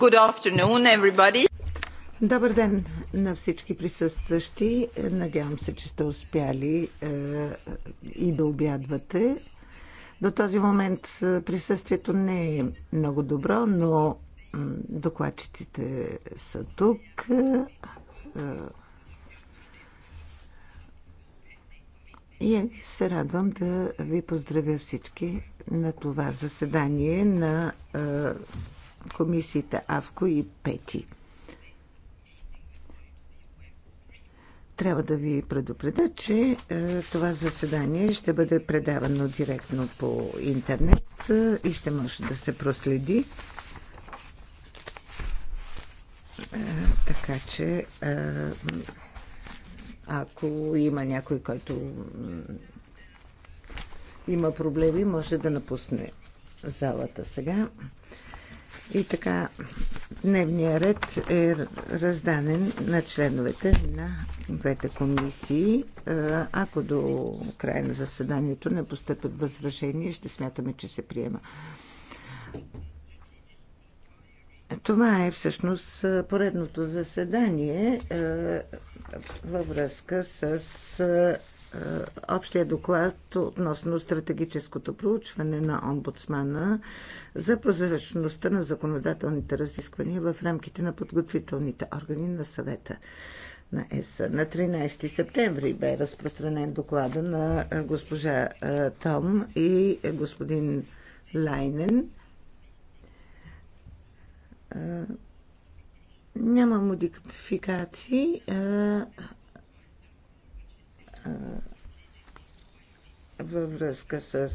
Good afternoon, everybody. Добър ден на всички присъстващи. Надявам се, че сте успяли е, и да обядвате. До този момент е, присъствието не е много добро, но докладчиците са тук. Е, е, и се радвам да ви поздравя всички на това заседание на е, комисиите АВКО и ПЕТИ. Трябва да ви предупредя, че е, това заседание ще бъде предавано директно по интернет е, и ще може да се проследи. Е, така че, е, ако има някой, който е, има проблеми, може да напусне залата сега. И така, дневния ред е раздаден на членовете на двете комисии. Ако до края на заседанието не постъпят възражения, ще смятаме, че се приема. Това е всъщност поредното заседание във връзка с е, общия доклад относно стратегическото проучване на омбудсмана за прозрачността на законодателните разисквания в рамките на подготвителните органи на съвета на ЕС. На 13 септември бе разпространен доклада на е, госпожа е, Том и господин Лайнен. Няма модификации във връзка с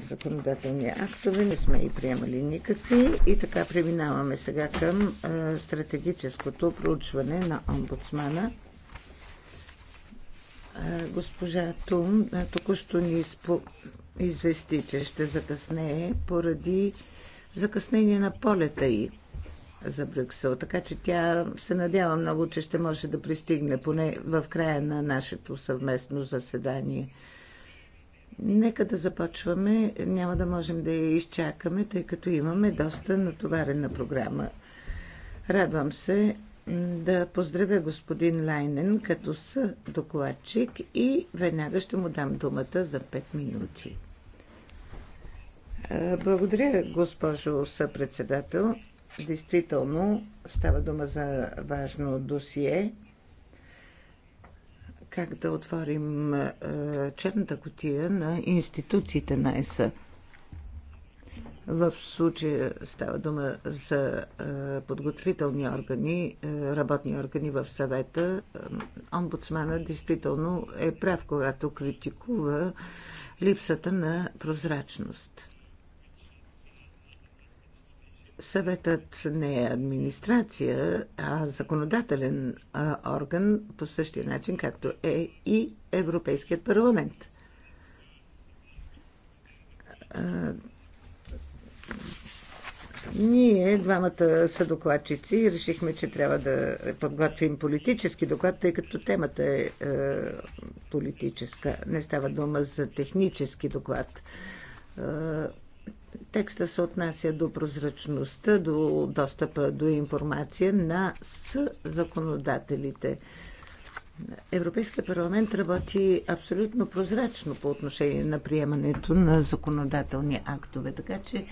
законодателни актове, не сме и приемали никакви. И така преминаваме сега към а, стратегическото проучване на омбудсмана. А, госпожа Тум току-що ни спо... извести, че ще закъснее поради закъснение на полета и за Брюксел. Така че тя се надява много, че ще може да пристигне поне в края на нашето съвместно заседание. Нека да започваме. Няма да можем да я изчакаме, тъй като имаме доста натоварена програма. Радвам се да поздравя господин Лайнен като с докладчик и веднага ще му дам думата за 5 минути. Благодаря, госпожо съпредседател. Действително става дума за важно досие. Как да отворим е, черната котия на институциите на ЕСА? В случая става дума за е, подготвителни органи, е, работни органи в съвета. Омбудсмана действително е прав, когато критикува липсата на прозрачност. Съветът не е администрация, а законодателен орган по същия начин, както е и Европейският парламент. Ние, двамата са докладчици, решихме, че трябва да подготвим политически доклад, тъй като темата е, е политическа. Не става дума за технически доклад. Е, Текста се отнася до прозрачността, до достъпа до информация на законодателите. Европейския парламент работи абсолютно прозрачно по отношение на приемането на законодателни актове, така че е,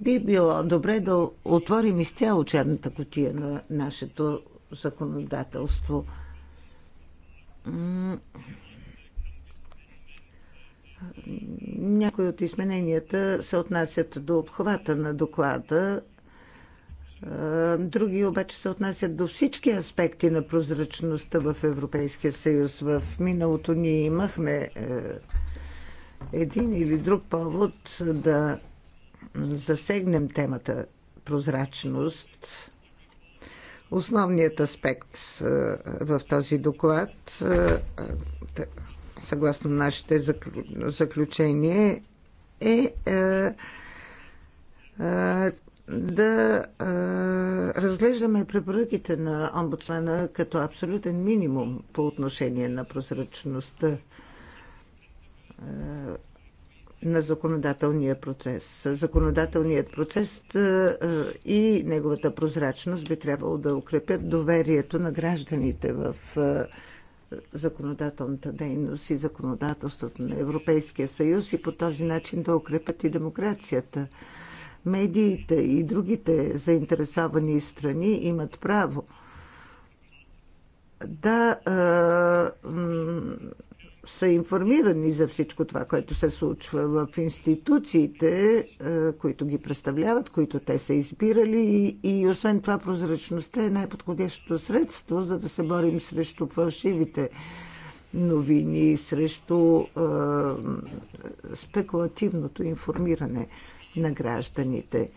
би било добре да отворим изцяло черната котия на нашето законодателство. Някои от измененията се отнасят до обхвата на доклада, други обаче се отнасят до всички аспекти на прозрачността в Европейския съюз. В миналото ние имахме е, един или друг повод да засегнем темата прозрачност. Основният аспект е, в този доклад е, съгласно нашите заключения, е, е, е да а, е, разглеждаме препоръките на омбудсмена като абсолютен минимум по отношение на прозрачността е, на законодателния процес. Законодателният процес и неговата прозрачност би трябвало да укрепят доверието на гражданите в законодателната дейност и законодателството на Европейския съюз и по този начин да укрепят и демокрацията. Медиите и другите заинтересовани страни имат право да са информирани за всичко това, което се случва в институциите, е, които ги представляват, които те са избирали и, и освен това прозрачността е най-подходящото средство, за да се борим срещу фалшивите новини, срещу е, спекулативното информиране на гражданите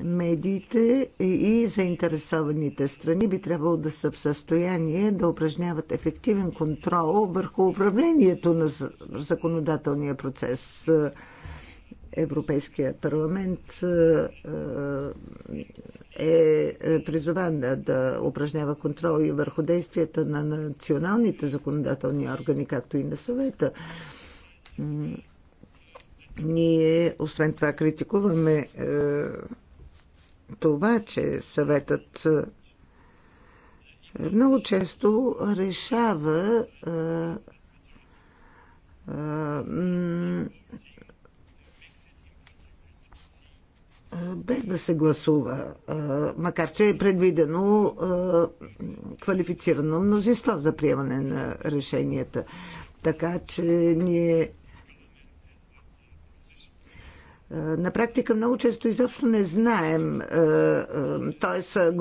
медиите и заинтересованите страни би трябвало да са в състояние да упражняват ефективен контрол върху управлението на законодателния процес. Европейския парламент е, е, е призован да упражнява контрол и върху действията на националните законодателни органи, както и на съвета. Ние, освен това, критикуваме е, това, че съветът е, много често решава е, е, без да се гласува, макар че е предвидено квалифицирано мнозинство за приемане на решенията. Така че ние на практика много често изобщо не знаем. Т.е. Е,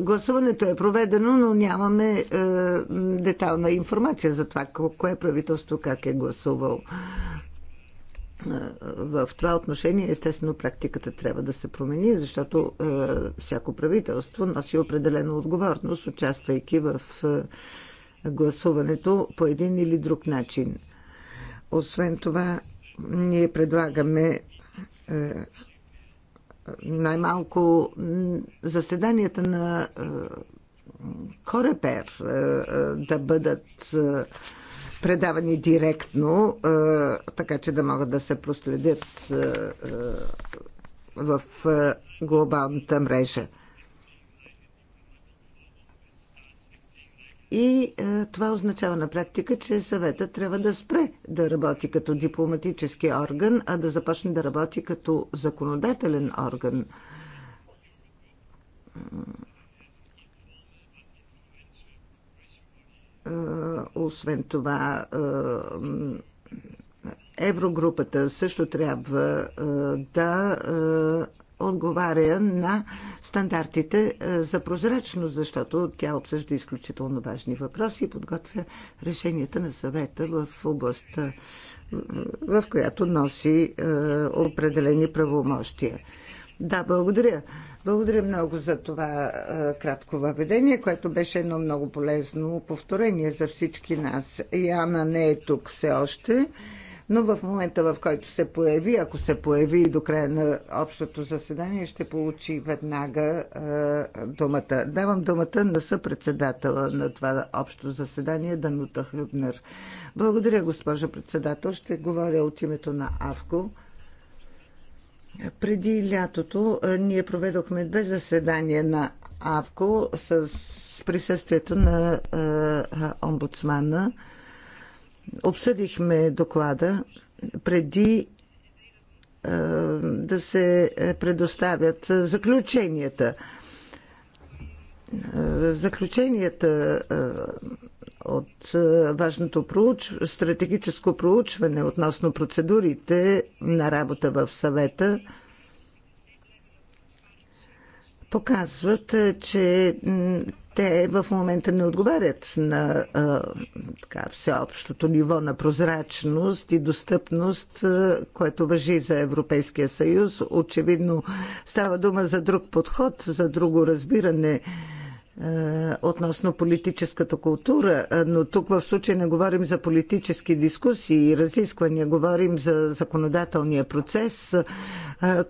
гласуването е проведено, но нямаме е, детална информация за това кое правителство как е гласувало. Е, в това отношение, естествено, практиката трябва да се промени, защото всяко правителство носи определена отговорност, участвайки в гласуването по един или друг начин. Освен това, ние предлагаме е, най-малко заседанията на е, Корепер е, да бъдат предавани директно, така че да могат да се проследят в глобалната мрежа. И е, това означава на практика, че съвета трябва да спре да работи като дипломатически орган, а да започне да работи като законодателен орган. Е, освен това, е, Еврогрупата също трябва е, да отговаря на стандартите е, за прозрачност, защото тя обсъжда изключително важни въпроси и подготвя решенията на съвета в областта, е, в която носи е, определени правомощия. Да, благодаря. Благодаря много за това кратко въведение, което беше едно много полезно повторение за всички нас. Яна не е тук все още но в момента в който се появи, ако се появи и до края на общото заседание, ще получи веднага е, думата. Давам думата на съпредседател на това общо заседание, Данута Хъбнер. Благодаря, госпожо председател. Ще говоря от името на АВКО. Преди лятото е, ние проведохме две заседания на АВКО с присъствието на е, омбудсмана. Обсъдихме доклада преди да се предоставят заключенията. Заключенията от важното проуч... стратегическо проучване относно процедурите на работа в съвета показват, че те в момента не отговарят на а, така, всеобщото ниво на прозрачност и достъпност, а, което въжи за Европейския съюз. Очевидно става дума за друг подход, за друго разбиране. Е, относно политическата култура, е, но тук в случай не говорим за политически дискусии и разисквания, говорим за законодателния процес, е,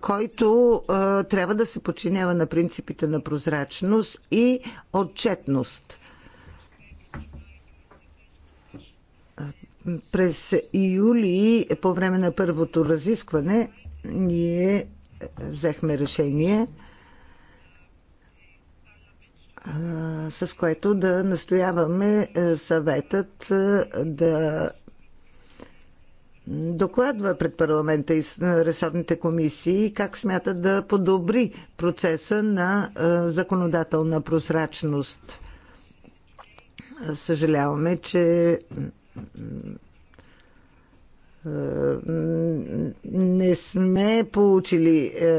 който трябва да се подчинява на принципите на прозрачност и отчетност. През июли, по време на първото разискване, ние взехме решение – с което да настояваме е, съветът е, да докладва пред парламента и е, ресорните комисии как смята да подобри процеса на законодателна прозрачност. Съжаляваме, че не сме получили е,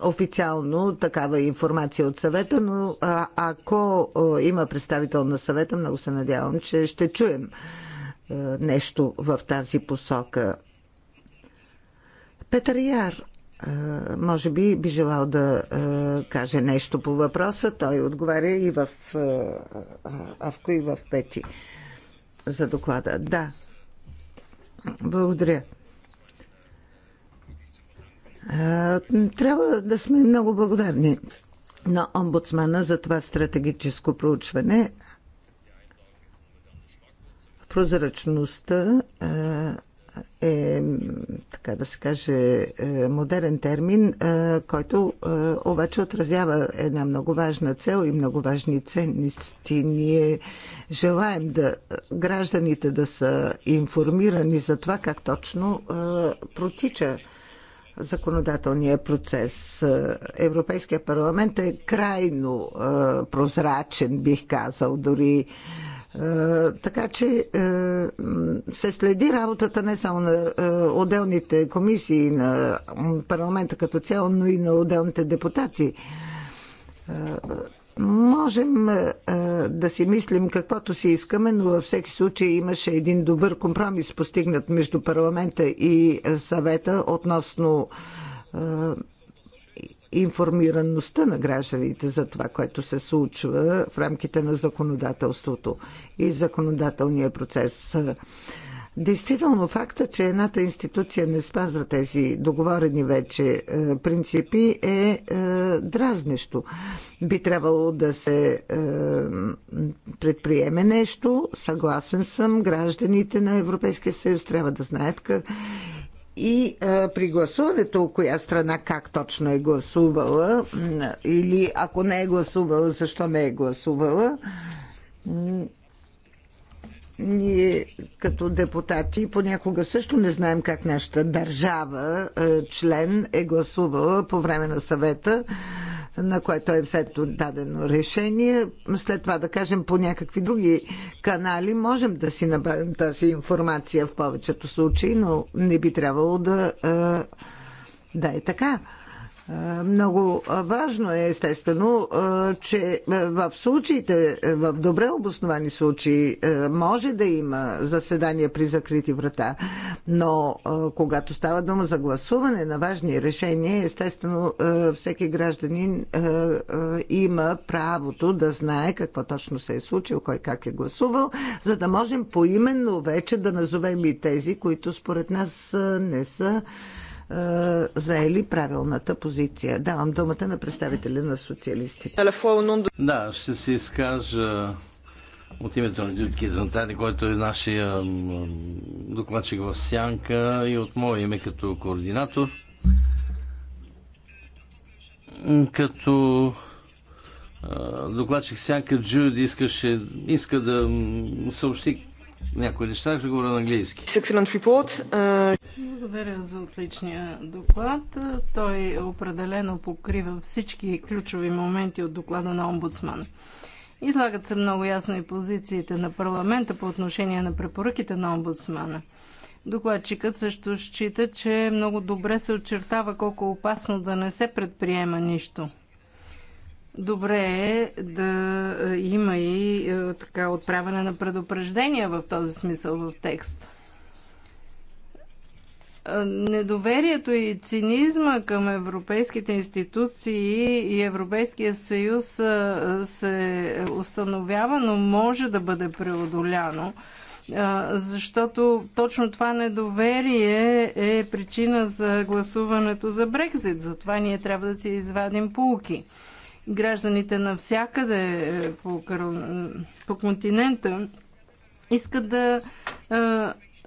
официално такава информация от съвета, но ако е, има представител на съвета, много се надявам, че ще чуем е, нещо в тази посока. Петър Яр, може би би желал да каже нещо по въпроса. Той отговаря и в Авко, и в Пети за доклада. Да, благодаря. Трябва да сме много благодарни на омбудсмана за това стратегическо проучване. Прозрачността е, така да се каже, е, модерен термин, е, който е, обаче отразява една много важна цел и много важни ценности. Ние желаем да гражданите да са информирани за това как точно протича законодателния процес. Европейския парламент е крайно прозрачен, бих казал, дори е, така че е, се следи работата не само на е, отделните комисии, на парламента като цяло, но и на отделните депутати. Можем да си мислим каквото си искаме, но във всеки случай имаше един добър компромис, постигнат между парламента и съвета относно информираността на гражданите за това, което се случва в рамките на законодателството и законодателния процес. Действително факта, че едната институция не спазва тези договорени вече е, принципи е, е дразнещо. Би трябвало да се е, предприеме нещо. Съгласен съм, гражданите на Европейския съюз трябва да знаят как и а, при гласуването, коя страна как точно е гласувала, или ако не е гласувала, защо не е гласувала, ние като депутати понякога също не знаем как нашата държава, член е гласувала по време на съвета на което е взето дадено решение. След това да кажем по някакви други канали можем да си набавим тази информация в повечето случаи, но не би трябвало да, да е така. Много важно е, естествено, че в случаите, в добре обосновани случаи, може да има заседания при закрити врата, но когато става дума за гласуване на важни решения, естествено, всеки гражданин има правото да знае какво точно се е случило, кой как е гласувал, за да можем поименно вече да назовем и тези, които според нас не са е, заели правилната позиция. Давам думата на представителя на социалистите. Да, ще се изкажа от името на Дюдки Зантари, който е нашия докладчик в Сянка и от мое име като координатор. Като докладчик Сянка Джуд искаше, иска да съобщи някои неща, ще говоря на английски. Uh, Благодаря за отличния доклад. Той определено покрива всички ключови моменти от доклада на омбудсмана. Излагат се много ясно и позициите на парламента по отношение на препоръките на омбудсмана. Докладчикът също счита, че много добре се очертава колко опасно да не се предприема нищо добре е да е, има и е, така отправяне на предупреждения в този смисъл в текст. Е, недоверието и цинизма към европейските институции и Европейския съюз се установява, но може да бъде преодоляно защото точно това недоверие е причина за гласуването за Брекзит. Затова ние трябва да си извадим полки гражданите навсякъде е, по, по континента искат да е,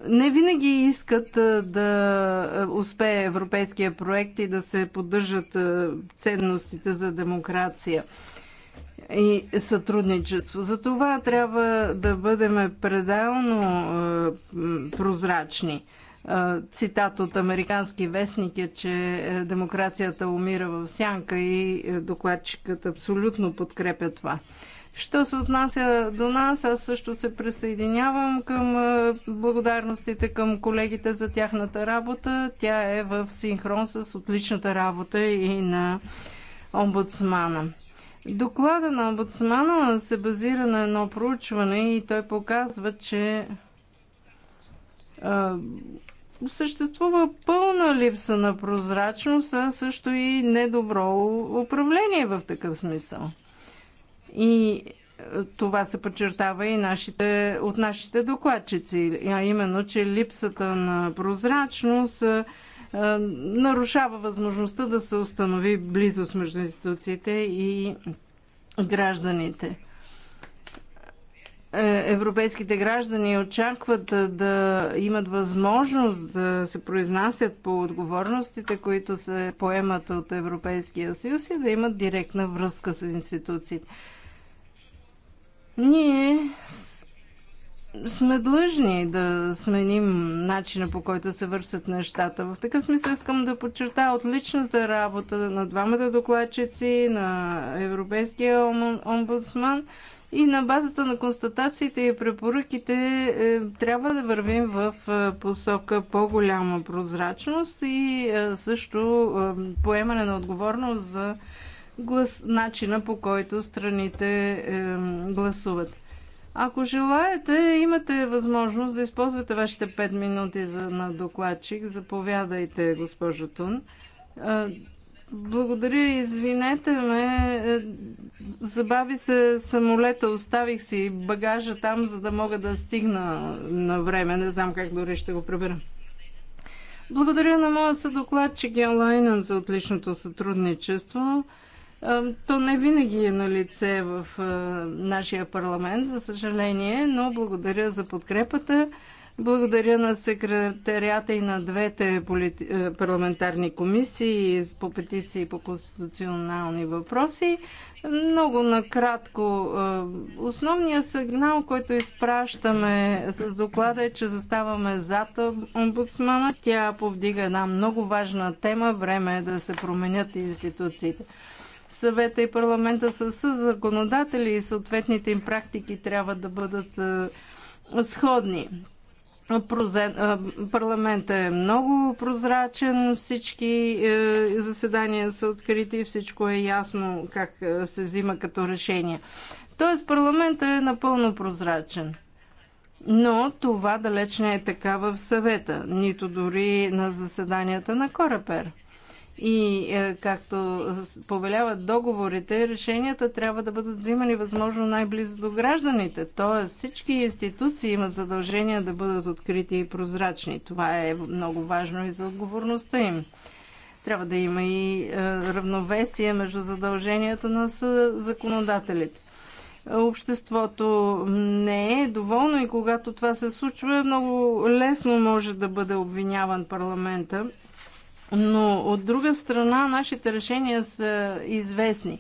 не винаги искат е, да успее европейския проект и да се поддържат ценностите за демокрация и сътрудничество. За това трябва да бъдем предално прозрачни цитат от американски вестник е, че е, демокрацията умира в сянка и е, докладчикът абсолютно подкрепя това. Що се отнася до нас, аз също се присъединявам към е, благодарностите към колегите за тяхната работа. Тя е в синхрон с отличната работа и на омбудсмана. Доклада на омбудсмана се базира на едно проучване и той показва, че съществува пълна липса на прозрачност, а също и недобро управление в такъв смисъл. И това се подчертава и нашите, от нашите докладчици, а именно, че липсата на прозрачност нарушава възможността да се установи близост между институциите и гражданите. Е, европейските граждани очакват да имат възможност да се произнасят по отговорностите, които се поемат от Европейския съюз и да имат директна връзка с институциите. Ние сме длъжни да сменим начина по който се вършат нещата. В такъв смисъл искам да подчертая отличната работа на двамата докладчици, на Европейския омбудсман – и на базата на констатациите и препоръките е, трябва да вървим в е, посока по-голяма прозрачност и е, също поемане на отговорност за глас, начина по който страните гласуват. Ако желаете, имате възможност да използвате вашите 5 минути за, на докладчик. Заповядайте, госпожо Тун. Благодаря, извинете ме. Е, забави се самолета, оставих си багажа там, за да мога да стигна на време. Не знам как дори ще го пребера. Благодаря на моя съдокладчик Ялайнен за отличното сътрудничество. Е, то не винаги е на лице в е, нашия парламент, за съжаление, но благодаря за подкрепата. Благодаря на секретарията и на двете е, парламентарни комисии по петиции по конституционални въпроси. Много накратко. Е, основният сигнал, който изпращаме с доклада е, че заставаме зад омбудсмана. Тя повдига една много важна тема. Време е да се променят институциите. Съвета и парламента са с законодатели и съответните им практики трябва да бъдат е, сходни. Парламентът е много прозрачен, всички е, заседания са открити, всичко е ясно как е, се взима като решение. Тоест парламентът е напълно прозрачен. Но това далеч не е така в съвета, нито дори на заседанията на Корепер и е, както повеляват договорите, решенията трябва да бъдат взимани възможно най-близо до гражданите. Тоест всички институции имат задължения да бъдат открити и прозрачни. Това е много важно и за отговорността им. Трябва да има и е, равновесие между задълженията на законодателите обществото не е доволно и когато това се случва, е много лесно може да бъде обвиняван парламента. Но от друга страна, нашите решения са известни.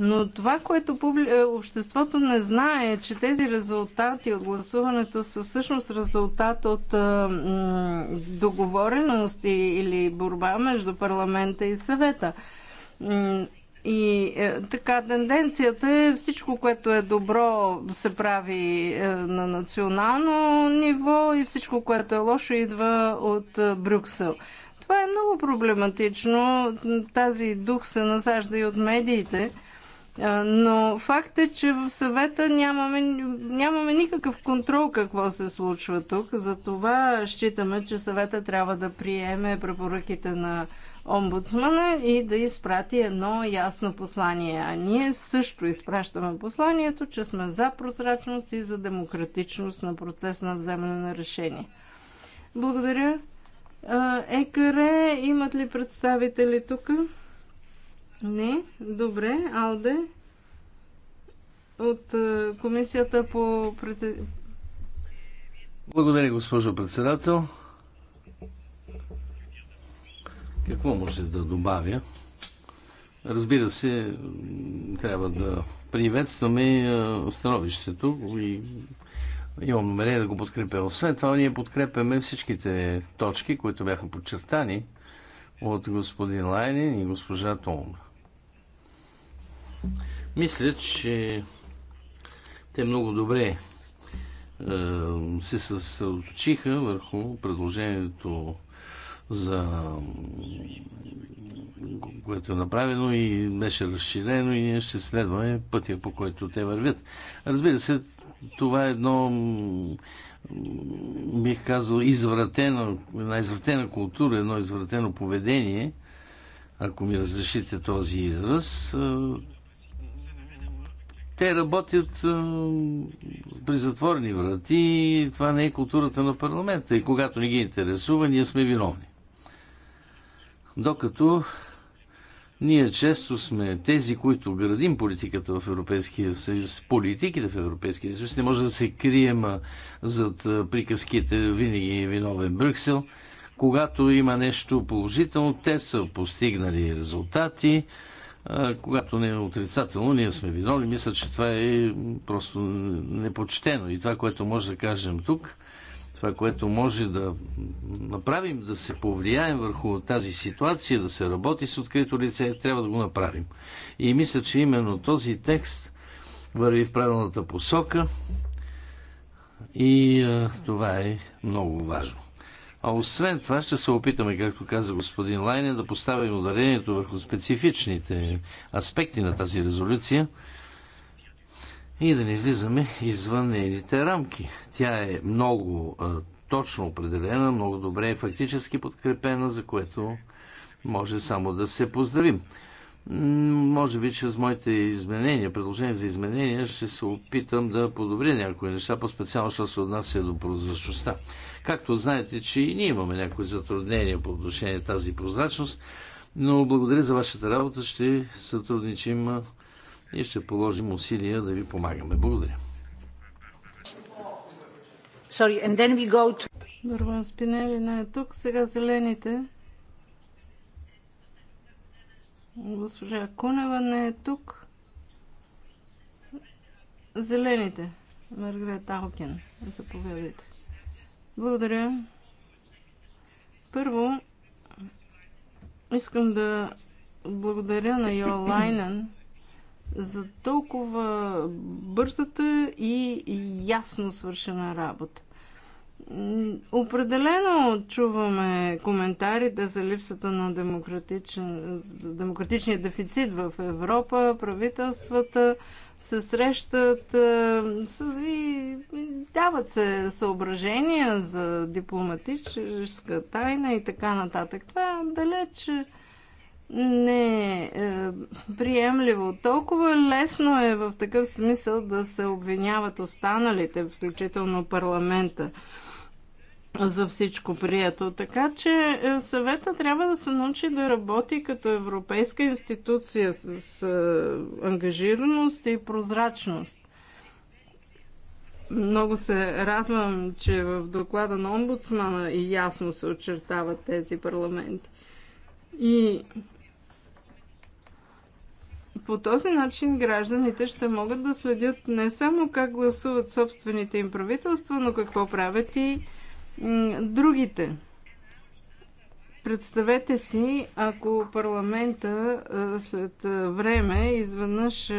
Но това, което публи... Е, обществото не знае, е, че тези резултати от гласуването са всъщност резултат от договореност или борба между парламента и съвета. И е, така, тенденцията е всичко, което е добро, се прави е, на национално ниво и всичко, което е лошо, идва от е, Брюксел. Това е много проблематично. Тази дух се насажда и от медиите. Но факт е, че в съвета нямаме, нямаме никакъв контрол какво се случва тук. Затова считаме, че съвета трябва да приеме препоръките на омбудсмана и да изпрати едно ясно послание. А ние също изпращаме посланието, че сме за прозрачност и за демократичност на процес на вземане на решение. Благодаря. Екаре, имат ли представители тук? Не, добре, Алде. От комисията по... Благодаря, госпожо председател. Какво може да добавя? Разбира се, трябва да приветстваме становището и Имам намерение да го подкрепя. Освен това, ние подкрепяме всичките точки, които бяха подчертани от господин Лайнин и госпожа Толм. Мисля, че те много добре е, се съсредоточиха върху предложението за което е направено и беше разширено и ние ще следваме пътя, по който те вървят. Разбира се, това е едно, бих казал, извратено, една извратена култура, едно извратено поведение, ако ми разрешите този израз. Те работят при затворени врати. Това не е културата на парламента. И когато не ги интересува, ние сме виновни. Докато ние често сме тези, които градим политиката в Европейския съюз, политиките в Европейския съюз. Не може да се крием зад приказките винаги е виновен Брюксел. Когато има нещо положително, те са постигнали резултати. когато не е отрицателно, ние сме виновни. Мисля, че това е просто непочтено. И това, което може да кажем тук – това, което може да направим, да се повлияем върху тази ситуация, да се работи с открито лице, трябва да го направим. И мисля, че именно този текст върви в правилната посока и а, това е много важно. А освен това ще се опитаме, както каза господин Лайне, да поставим ударението върху специфичните аспекти на тази резолюция – и да не излизаме извън нейните рамки. Тя е много а, точно определена, много добре и фактически подкрепена, за което може само да се поздравим. Може би чрез моите изменения, предложения за изменения, ще се опитам да подобря някои неща, по-специално, що се отнася до прозрачността. Както знаете, че и ние имаме някои затруднения по отношение на тази прозрачност, но благодаря за вашата работа, ще сътрудничим ние ще положим усилия да ви помагаме. Благодаря. Sorry, and then we go to... Дърван Спинели не е тук. Сега зелените. Госпожа Кунева не е тук. Зелените. Маргарет Алкин. Заповядайте. Благодаря. Първо, искам да благодаря на Йолайнен за толкова бързата и ясно свършена работа. Определено чуваме коментарите за липсата на демократичен, демократичния дефицит в Европа. Правителствата се срещат е, и дават се съображения за дипломатическа тайна и така нататък. Това е далеч не е, е, приемливо. Толкова лесно е в такъв смисъл да се обвиняват останалите, включително парламента, за всичко прието. Така че е, съвета трябва да се научи да работи като европейска институция с, с е, ангажираност и прозрачност. Много се радвам, че в доклада на омбудсмана и ясно се очертават тези парламенти. И по този начин гражданите ще могат да следят не само как гласуват собствените им правителства, но какво правят и другите. Представете си, ако парламента след време изведнъж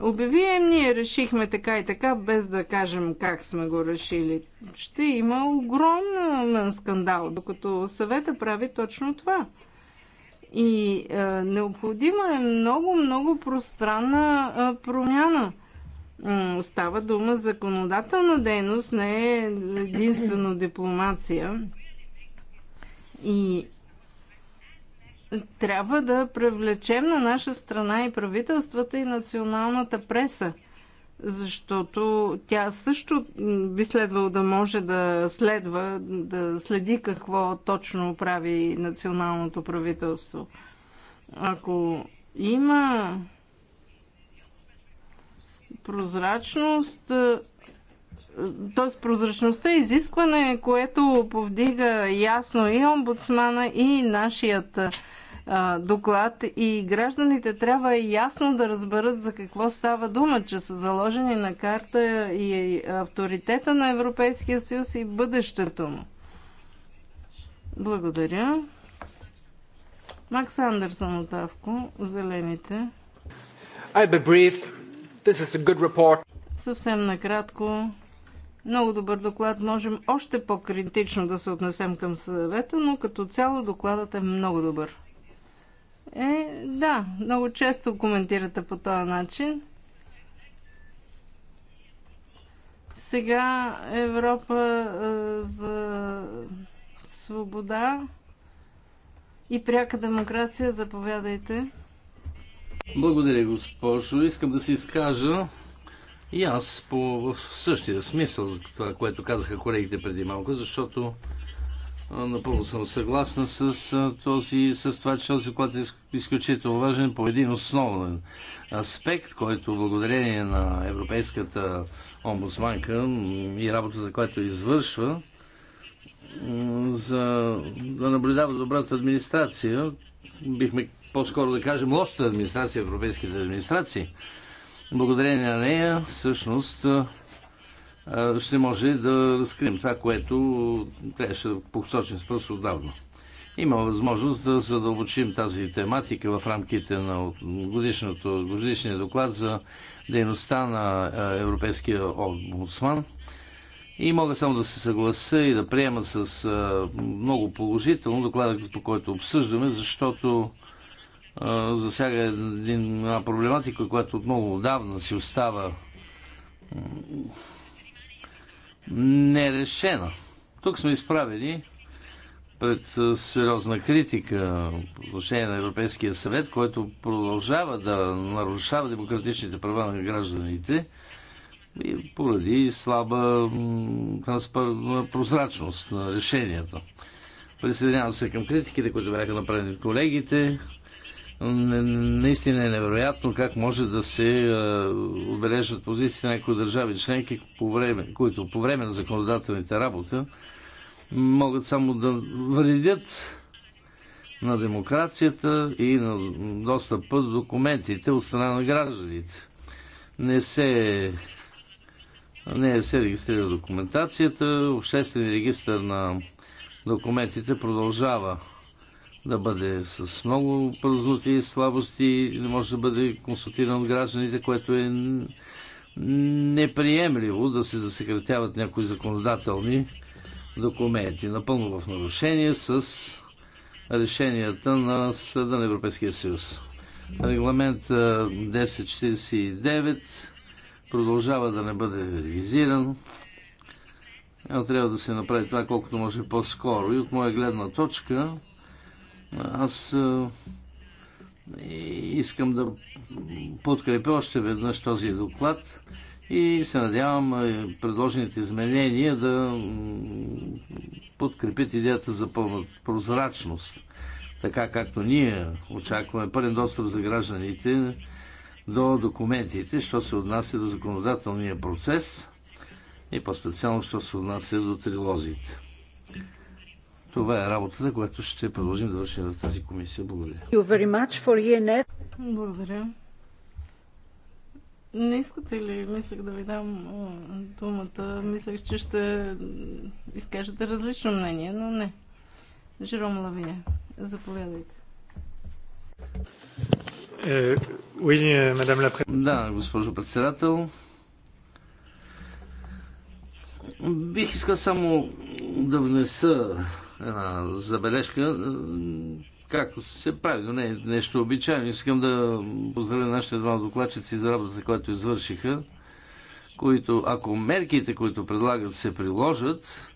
обяви, «Е, ние решихме така и така, без да кажем как сме го решили. Ще има огромен скандал, докато съвета прави точно това. И а, е, необходима е много, много пространна а, е, промяна. Става дума законодателна дейност, не е единствено дипломация. И трябва да привлечем на наша страна и правителствата и националната преса – защото тя също би следвало да може да следва, да следи какво точно прави националното правителство. Ако има прозрачност, т.е. прозрачността е изискване, което повдига ясно и омбудсмана, и нашият доклад и гражданите трябва ясно да разберат за какво става дума, че са заложени на карта и авторитета на Европейския съюз и бъдещето му. Благодаря. Макс Андерсон от Авко, Зелените. I'll be brief. This is a good report. Съвсем накратко. Много добър доклад. Можем още по-критично да се отнесем към съвета, но като цяло докладът е много добър. Е, да, много често коментирате по този начин. Сега Европа е, за свобода и пряка демокрация, заповядайте. Благодаря, госпожо. Искам да се изкажа и аз по, в същия смисъл за това, което казаха колегите преди малко, защото Напълно съм съгласна с, този, с това, че този доклад е изключително важен по един основен аспект, който благодарение на Европейската омбудсманка и работата, която извършва, за да наблюдава добрата администрация, бихме по-скоро да кажем лошата администрация, европейските администрации. Благодарение на нея, всъщност, ще може да разкрием това, което трябваше да посочим с пръст отдавна. Има възможност да задълбочим тази тематика в рамките на годишния доклад за дейността на Европейския омбудсман. И мога само да се съгласа и да приема с много положително доклада, по който обсъждаме, защото засяга една проблематика, която от много отдавна си остава нерешена. Тук сме изправени пред сериозна критика по отношение на Европейския съвет, който продължава да нарушава демократичните права на гражданите и поради слаба прозрачност на решенията. Присъединявам се към критиките, които бяха направени от колегите Наистина е невероятно как може да се е, отбележат позиции на някои държави членки, по време, които по време на законодателните работа могат само да вредят на демокрацията и на достъпа до документите от страна на гражданите. Не се, не се регистрира документацията, обществен регистр на документите продължава да бъде с много празноти и слабости, не може да бъде консултиран от гражданите, което е неприемливо да се засекретяват някои законодателни документи. Напълно в нарушение с решенията на Съда на Европейския съюз. Регламент 1049 продължава да не бъде ревизиран. Трябва да се направи това колкото може по-скоро. И от моя гледна точка аз искам да подкрепя още веднъж този доклад и се надявам предложените изменения да подкрепят идеята за пълна прозрачност. Така както ние очакваме пълен достъп за гражданите до документите, що се отнася до законодателния процес и по-специално, що се отнася до трилозите. Това е работата, която ще продължим да вършим в тази комисия. Благодаря. E Благодаря. Не искате ли, мислех да ви дам думата, мислех, че ще изкажете различно мнение, но не. Жером Лавия, заповядайте. Е, да, госпожо председател. Бих искал само да внеса една забележка, както се прави, но не е нещо обичайно. Искам да поздравя нашите два докладчици за работата, която извършиха, които, ако мерките, които предлагат, се приложат,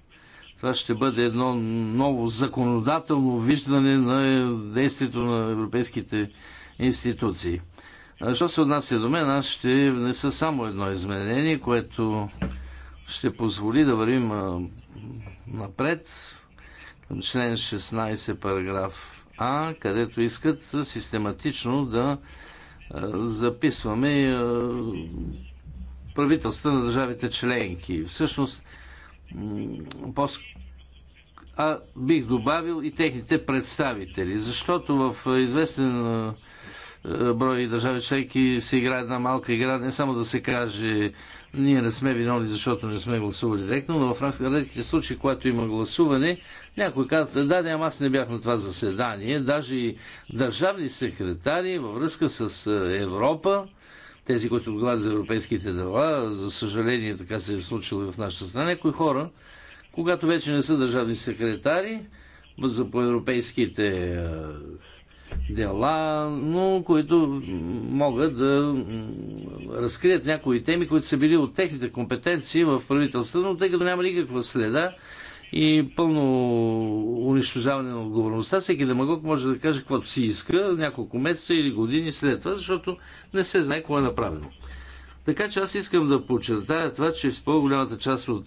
това ще бъде едно ново законодателно виждане на действието на европейските институции. Що се отнася до мен, аз ще внеса само едно изменение, което ще позволи да вървим напред член 16, параграф А, където искат систематично да е, записваме е, правителства на държавите членки. Всъщност, а бих добавил и техните представители, защото в е, известен е, брой държави членки се играе една малка игра, не само да се каже ние не сме виновни, защото не сме гласували директно, но в редките случаи, когато има гласуване, някой казва, да, не, аз не бях на това заседание, даже и държавни секретари във връзка с е, Европа, тези, които отговарят за европейските дела, за съжаление така се е случило и в нашата страна, някои хора, когато вече не са държавни секретари, за по европейските е, дела, но които могат да разкрият някои теми, които са били от техните компетенции в правителството, но тъй като няма никаква следа и пълно унищожаване на отговорността, всеки демагог може да каже каквото си иска няколко месеца или години след това, защото не се знае какво е направено. Така че аз искам да подчертая това, че в по-голямата част от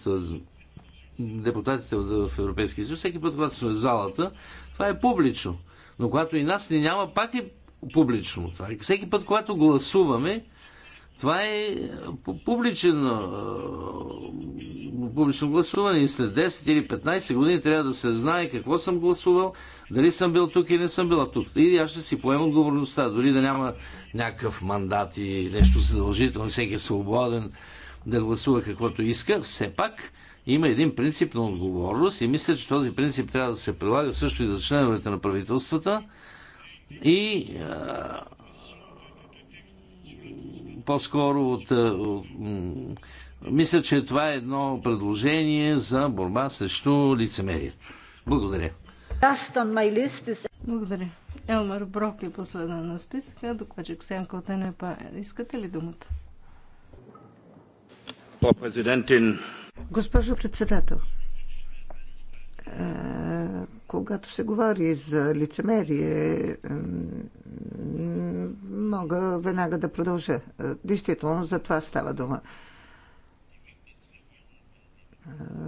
депутатите в Европейския съюз, всеки път, когато сме в залата, това е публично. Но когато и нас не няма, пак е публично това. И всеки път, когато гласуваме, това е, е публичен, е, е, публично гласуване и след 10 или 15 години трябва да се знае какво съм гласувал, дали съм бил тук или не съм била тук. И аз ще си поема отговорността, дори да няма някакъв мандат и нещо задължително, всеки е свободен да гласува каквото иска, все пак има един принцип на отговорност и мисля, че този принцип трябва да се прилага също и за членовете на правителствата и по-скоро от, мисля, че това е едно предложение за борба срещу лицемерието. Благодаря. Благодаря. Елмар Брок е последен на списъка. Докладчик Сянка от па Искате ли думата? Frau Госпожо председател, когато се говори за лицемерие, мога веднага да продължа. Действително, за това става дума.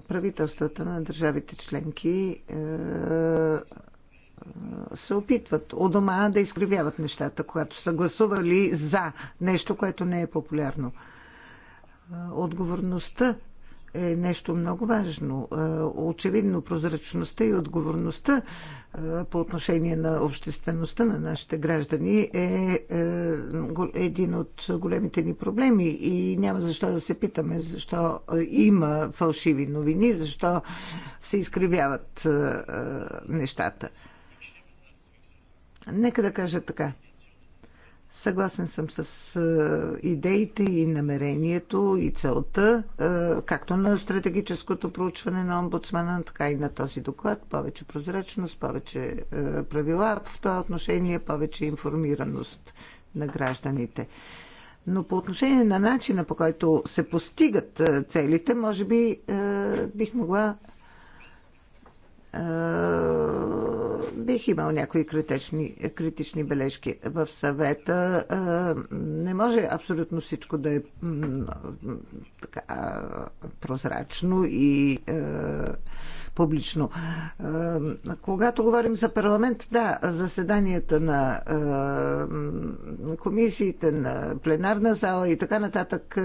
Правителствата на държавите членки се опитват у дома да изкривяват нещата, когато са гласували за нещо, което не е популярно. Отговорността е нещо много важно. Е, очевидно прозрачността и отговорността е, по отношение на обществеността на нашите граждани е, е един от големите ни проблеми и няма защо да се питаме защо има фалшиви новини, защо се изкривяват нещата. Нека да кажа така. Съгласен съм с идеите и намерението и целта, както на стратегическото проучване на омбудсмана, така и на този доклад. Повече прозрачност, повече правила в това отношение, повече информираност на гражданите. Но по отношение на начина по който се постигат целите, може би бих могла бих имал някои критични, критични бележки. В съвета не може абсолютно всичко да е така, прозрачно и публично. Когато говорим за парламент, да, заседанията на комисиите, на пленарна зала и така нататък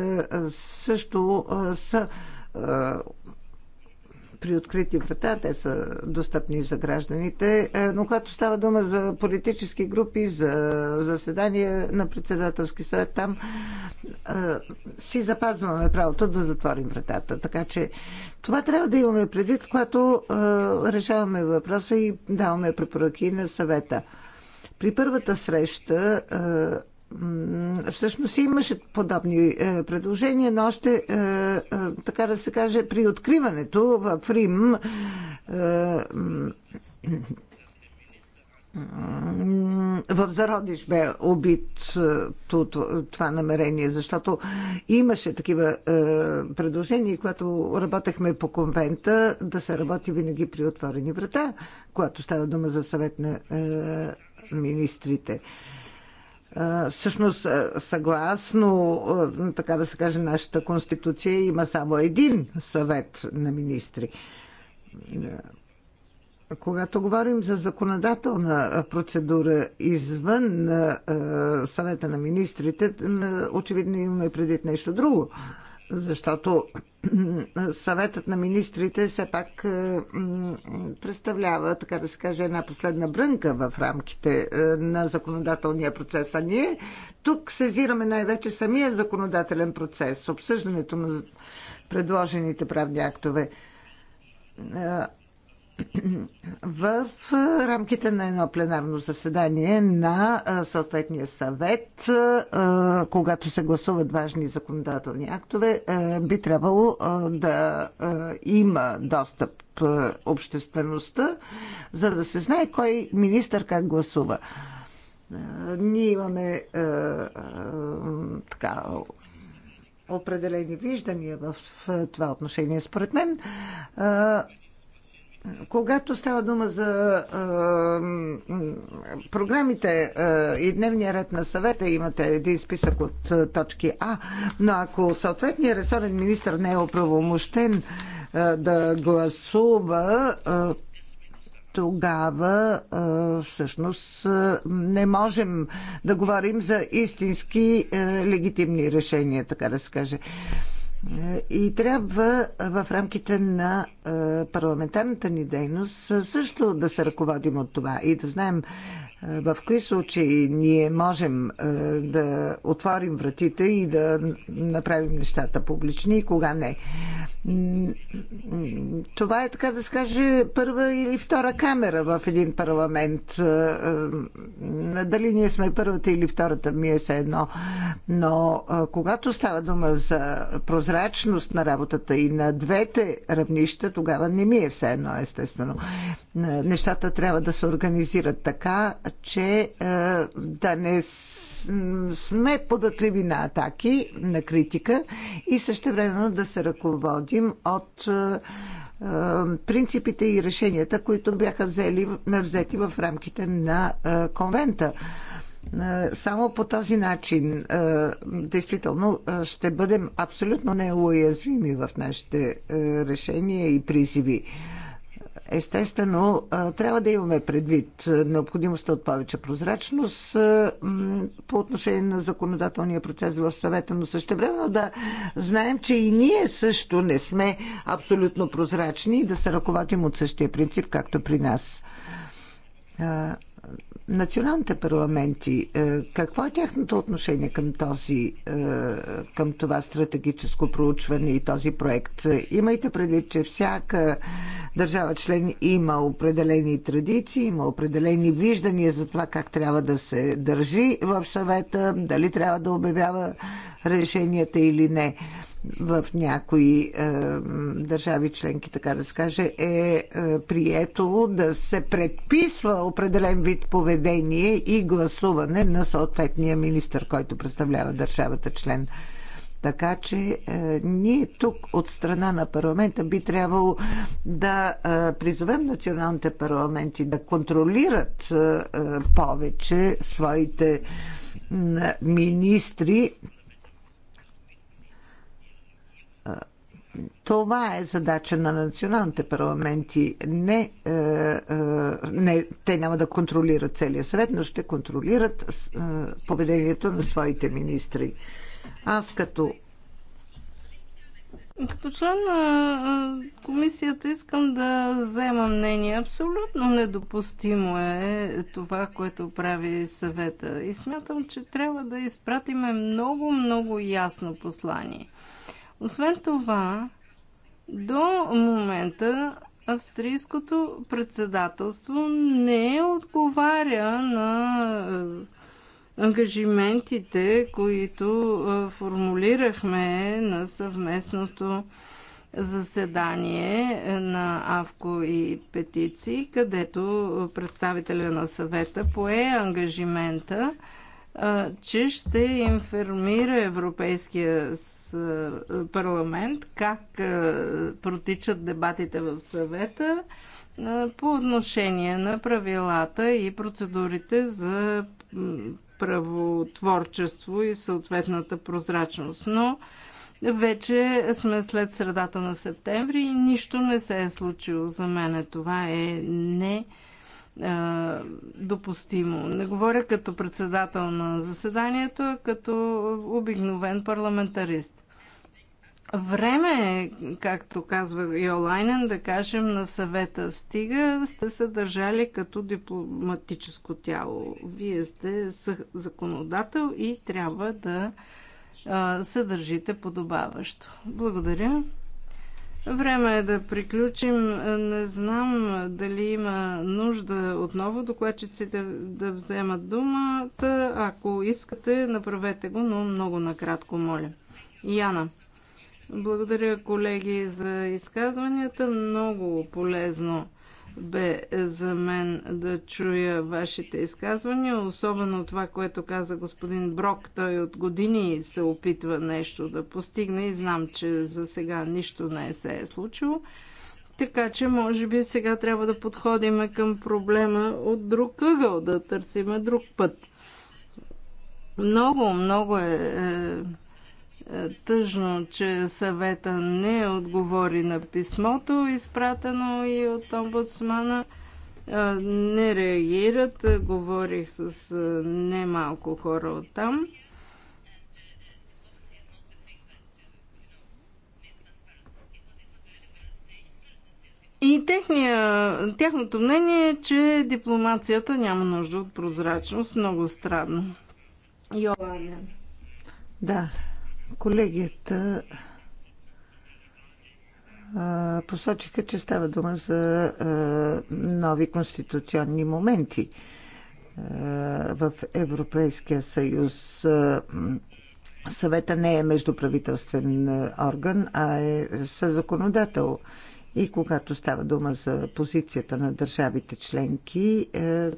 също са при открити врата, те са достъпни за гражданите, е, но когато става дума за политически групи, за заседания на председателски съвет, там е, си запазваме правото да затворим вратата. Така че това трябва да имаме предвид, когато е, решаваме въпроса и даваме препоръки на съвета. При първата среща Всъщност имаше подобни е, предложения, но още, е, е, така да се каже, при откриването в Рим в зародиш бе убит това намерение, защото имаше такива предложения, когато работехме по конвента, да се работи винаги при отворени врата, когато става дума за съвет на министрите. Всъщност, съгласно, така да се каже, нашата конституция има само един съвет на министри. Когато говорим за законодателна процедура извън съвета на министрите, очевидно имаме предвид нещо друго защото съветът на министрите все пак е, представлява, така да се каже, една последна брънка в рамките е, на законодателния процес. А ние тук сезираме най-вече самия законодателен процес, обсъждането на предложените правни актове. Е, в рамките на едно пленарно заседание на съответния съвет, когато се гласуват важни законодателни актове, би трябвало да има достъп обществеността, за да се знае кой министър как гласува. Ние имаме така определени виждания в това отношение. Според мен когато става дума за а, програмите а, и дневния ред на съвета, имате един списък от а, точки А, но ако съответният ресорен министр не е оправомощен а, да гласува, а, тогава а, всъщност а, не можем да говорим за истински а, легитимни решения, така да се каже. А, е, и трябва е, в рамките на е, парламентарната ни дейност също да се ръководим от това и да знаем в кои случаи ние можем е, да отворим вратите и да направим нещата публични и кога не. Това е така да се каже първа или втора камера в един парламент. Е, е, дали ние сме първата или втората, ми е се едно. Но когато става дума за прозрачност на работата и на двете равнища, тогава не ми е все едно, естествено. Нещата трябва да се организират така, че е, да не сме податливи на атаки, на критика и същевременно да се ръководим от е, е, принципите и решенията, които бяха взели, взети в рамките на конвента. Само по този начин действително ще бъдем абсолютно неуязвими в нашите решения и призиви. Естествено, трябва да имаме предвид необходимостта от повече прозрачност по отношение на законодателния процес в съвета, но също време да знаем, че и ние също не сме абсолютно прозрачни и да се ръководим от същия принцип, както при нас националните парламенти, е, какво е тяхното отношение към, този, е, към това стратегическо проучване и този проект? Имайте предвид, че всяка държава член има определени традиции, има определени виждания за това как трябва да се държи в съвета, дали трябва да обявява решенията или не в някои е, държави членки, така да се каже, е, е прието да се предписва определен вид поведение и гласуване на съответния министр, който представлява държавата член. Така че е, ние тук от страна на парламента би трябвало да е, призовем националните парламенти да контролират е, е повече своите министри Това е задача на националните парламенти. Не, е, е, не, те няма да контролират целия съвет, но ще контролират е, поведението на своите министри. Аз като. Като член на е, комисията искам да взема мнение. Абсолютно недопустимо е това, което прави съвета. И смятам, че трябва да изпратиме много, много ясно послание – освен това, до момента австрийското председателство не отговаря на е, ангажиментите, които е, формулирахме на съвместното заседание е, на АВКО и петиции, където представителя на съвета пое ангажимента че ще информира Европейския парламент как протичат дебатите в съвета по отношение на правилата и процедурите за правотворчество и съответната прозрачност. Но вече сме след средата на септември и нищо не се е случило. За мен това е не е, допустимо. Не говоря като председател на заседанието, а като обикновен парламентарист. Време е, както казва Йолайнен, да кажем на съвета стига, сте се държали като дипломатическо тяло. Вие сте законодател и трябва да е, се държите подобаващо. Благодаря. Време е да приключим. Не знам дали има нужда отново докладчиците да вземат думата. Ако искате, направете го, но много накратко, моля. Яна. Благодаря, колеги, за изказванията. Много полезно бе за мен да чуя вашите изказвания, особено това, което каза господин Брок. Той от години се опитва нещо да постигне и знам, че за сега нищо не се е случило. Така че, може би сега трябва да подходим към проблема от друг ъгъл, да търсиме друг път. Много, много е, е Тъжно, че съвета не отговори на писмото, изпратено и от омбудсмана. Е, не реагират. Говорих с е, немалко хора от там. И техния, тяхното мнение е, че дипломацията няма нужда от прозрачност. Много странно. Йолане. Да, Колегията посочиха, че става дума за нови конституционни моменти в Европейския съюз. Съвета не е междуправителствен орган, а е съзаконодател. И когато става дума за позицията на държавите членки, е,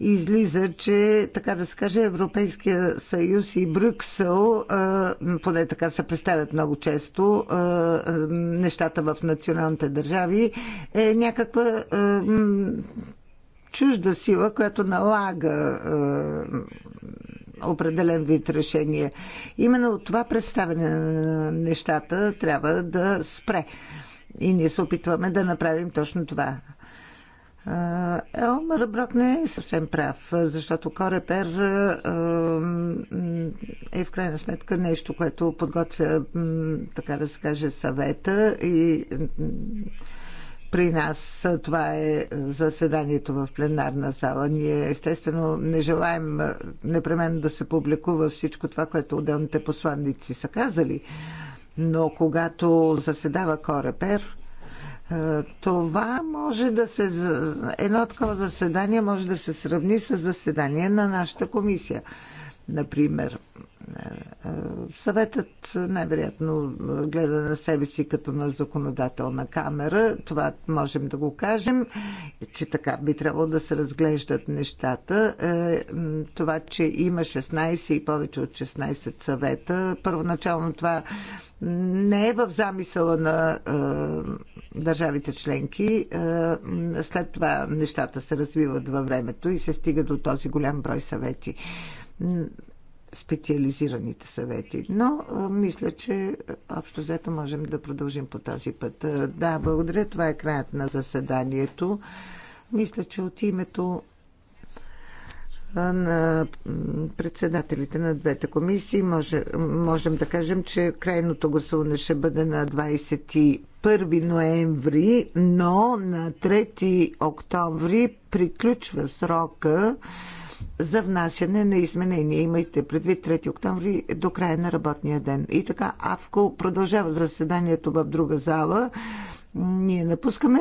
излиза, че, така да се каже, Европейския съюз и Брюксел, поне така се представят много често нещата в националните държави, е някаква чужда сила, която налага определен вид решение. Именно това представяне на нещата трябва да спре. И ние се опитваме да направим точно това. Елмар Брок не е съвсем прав, защото Корепер е в крайна сметка нещо, което подготвя, така да се каже, съвета и при нас това е заседанието в пленарна зала. Ние естествено не желаем непременно да се публикува всичко това, което отделните посланници са казали. Но когато заседава Корепер, е, това може да се. Едно такова заседание може да се сравни с заседание на нашата комисия, например. Е, Съветът най-вероятно гледа на себе си като на законодателна камера. Това можем да го кажем, че така би трябвало да се разглеждат нещата. Е, това, че има 16 и повече от 16 съвета, първоначално това не е в замисъла на е, държавите членки. Е, след това нещата се развиват във времето и се стига до този голям брой съвети специализираните съвети. Но мисля, че общо взето можем да продължим по този път. Да, благодаря. Това е краят на заседанието. Мисля, че от името на председателите на двете комисии може, можем да кажем, че крайното гласуване ще бъде на 21 ноември, но на 3 октомври приключва срока за внасяне на изменения. Имайте предвид 3 октомври до края на работния ден. И така, Авко продължава заседанието в друга зала. Ние напускаме.